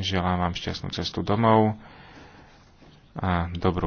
Želám vám šťastnú cestu domov a dobrú